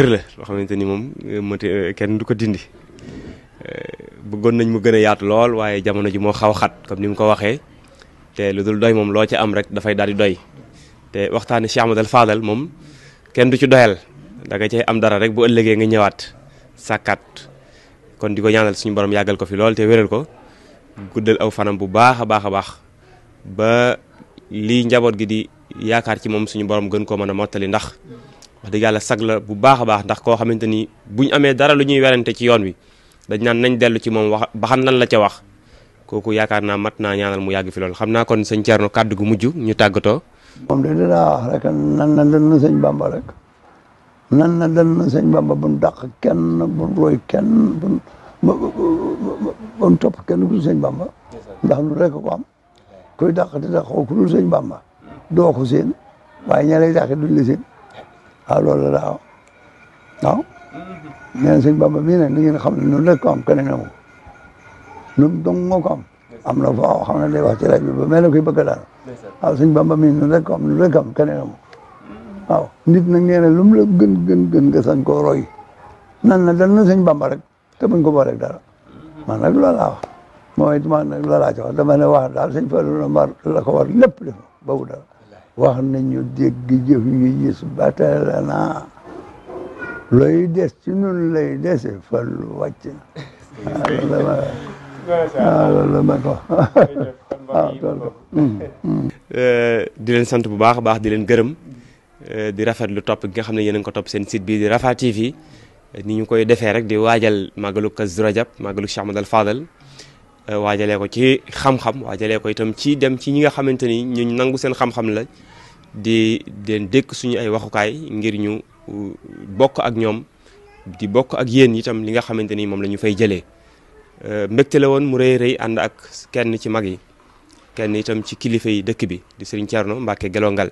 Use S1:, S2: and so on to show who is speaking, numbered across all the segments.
S1: wér la xamante ni moom eh, mënti eh, kenn du ko dindi eh, bëggoon nañ mu gën a yaatu lool waaye jamono ji moo xaw xat comme ni mu ko waxee te lu dul doy moom loo ci am rek dafay daal di doy te waxtaani Cheikh Amadou Fadal moom kenn du ci doyal da nga cay am dara rek bu ëllëgee nga ñëwaat sàkkaat kon di ko ñaanal suñu borom yàggal ko fi lool te wéral ko guddal aw fanam bu baax a baax a baax ba lii njaboot gi di yaakaar ci moom suñu borom gën koo mën a mottali ndax wax dëgg yàlla sag la bu baax a baax ndax koo xamante ni buñ amee dara lu ñuy werante ci yoon wi dañ naan nañ dellu ci moom wax ba xam lan la ca wax kooku yaakaar naa mat naa ñaanal mu yàgg fi loolu xam naa kon sëñ Thierno kàdd gu mujj ñu tàggatoo.
S2: moom de dinaa wax na dal na sëñ Bamba rek nan na dal na sëñ Bamba buñ dàq kenn buñ roy kenn buñ ndax lu rek ko am kuy dàq di dàqoo ku dul sëñ Bamba doo ko waaye ña lay dàq duñ la seen waaw loolu la waaw waaw nee Bamba mii nag ni ngeen xam ne noonu rek ko am keneen amu ñun ko am na foo xam na day wax ci rajo bi ba mel ne kuy bëgg daal waaw sëñ Bamba mii noonu rek ko am noonu rek ko waaw nit nag nee na lu mu la gën gën gën nga sañ koo roy nan na dal na sëñ Bamba rek te buñ ko booleeg dara man nag loolaa wax mooy it man nag loolaa ci wax dama ne wax daal sëñ Fallu la war la ko war lépp def ba wu dara wax nañu dégg jëf yu gis batala looy des ci nun lay dese fallu
S1: wàcc na di leen sant bu baax a baax di leen gërëm di rafet lu topp gi nga xam ne yéen a ko topp seen site bii di Rafah TV ni ñu koy defee rek di waajal màggalu Kazu Rajab màggalu Cheikh Ahmadou Fadal waajalee ko ci xam-xam waajalee ko itam ci dem ci ñi nga xamante ni ñu nangu seen xam-xam la di leen dékk suñu ay waxukaay ngir ñu bokk ak ñoom di bokk ak yéen itam li nga xamante ni moom lañu ñu fay jëlee euh, mbégte la woon mu rëy rëy ànd ak kenn ci mag yi kenn itam ci kilifa yi dëkk bi di Serigne Thierno mbakke Gelongal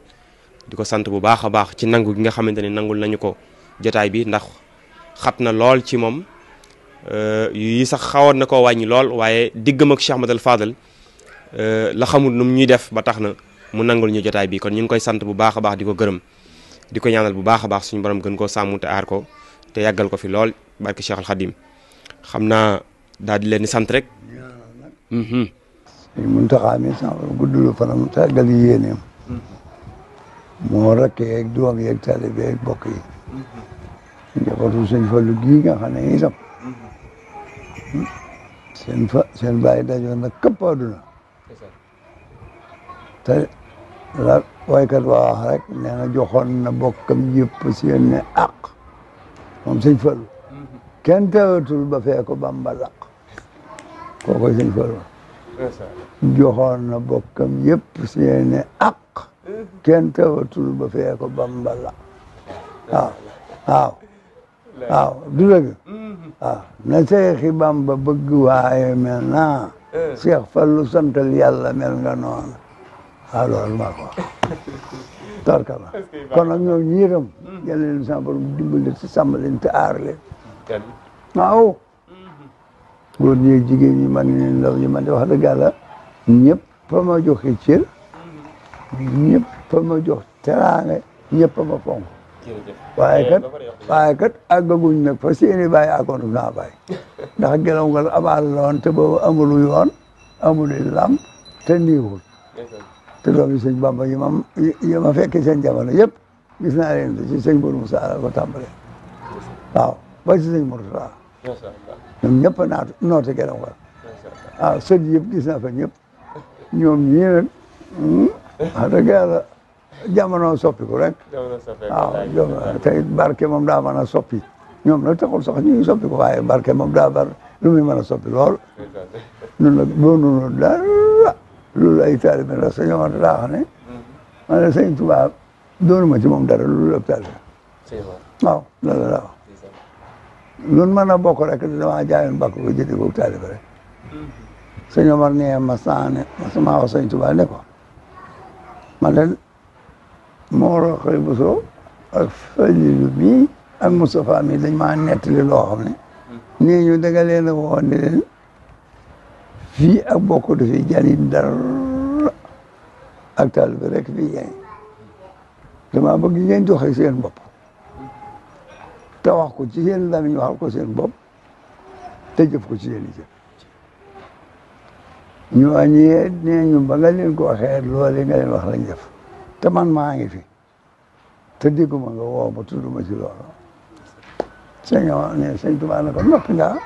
S1: di ko sant bu baax a baax ci nangu gi nga xamante ni nangul nañu ko jotaay bi ndax xat na lool ci moom euh, yi sax xawoon na ko wàññi lool waaye diggam ak Cheikh Madal Fadal euh, la xamul nu mu ñuy def ba tax na. mu nangul ñu jotaay bi kon ñu ngi koy sant bu baax a baax di ko gërëm di ko ñaanal bu baax a baax suñu borom gën koo sàmm te aar ko te yàggal ko fi lool barke Cheikh Al xam naa daal di leen di sant rek. Mm-hmm. ñaanal nag. Muntaxa
S2: mi sama guddulu fanam te yàggal yéeneem. Mm-hmm. moo rakk yeeg doom yeeg taalibe yeeg bokk yi.
S1: Mm-hmm.
S2: njabootu sëñ Fallu gii nga xam ne itam. seen fa seen bàyyi dajoon na këpp àdduna te la waykat waa wax rek nee na joxoon na bokkam yëpp seen ne àq moom sëñ Fallu mm-hmm. kenn ba fee Bamba laq kooku sëñ Fallu joxoon na bokkam yëpp seen ne àq mm-hmm. kenn teewatul ba fee Bamba laq waaw waaw du dëgg mm-hmm. waaw na seexi Bamba bëgg waaye mel naa eh. Seex Fallu santal yàlla mel nga noona waaw loolu maa ko wax tarkala kon nag ñoom ñu itam yàlla leen sama borom aar leen waaw góor ñi jigéen ñi mag ñi ndaw ñi man de wax dëgg yàlla ñëpp fa ma joxe cër ñëpp fa ma jox teraange ñëpp fa ma fonk waaye kat waaye kat àggaguñ nag fa seeni bàyyi akoon naa bàyyi ndax gelaw ngal abaal la woon te boobu amul yoon amul lamp te niiwul te doom yi sëñ Bamba yi ma yi ma fekkee seen jamono yëpp gis naa leen ci sëñ Bourou Moussa la ko tàmbalee waaw ba ci sëñ Mourtada ñoom ñëpp naatu noote gën a war waaw sët yëpp gis naa fa ñëpp ñoom ñii nag hmm, wax dëgg yàlla jamono soppiku rek
S1: waaw jamono
S2: tey barke moom daa mën a soppi ñoom nag taxul sax ñuy soppiku waaye barke moom daa bar lu muy mën a soppi lool ñun nag boo nunu daal loolu ay taalibe la sëñ Omar laa wax ne ma ne sëñ Tuubaa ma ci moom dara loolu ab taalibe waaw loolu laa wax loolu mën na bokk rek dama jaayoon bàkk ko jëndi ko taalibe rek sëñ ma saa ne ma sama wax sëñ ma leen Mawro ne nii ñu danga leen fii ak bokk du fi jariñ dara ak taal bi rek fi jariñ dama bëgg ngeen joxe seen bopp te wax ko ci seen lamiñ waxal ko seen bopp te jëf ko ci seen i jëf ñooñee nee ñu ba nga leen ko waxee loole nga leen wax lañ def te man maa ngi fi te dégguma nga woo ma ci loolu sëñ ne sëñ Tuubaa ne ko noppi nga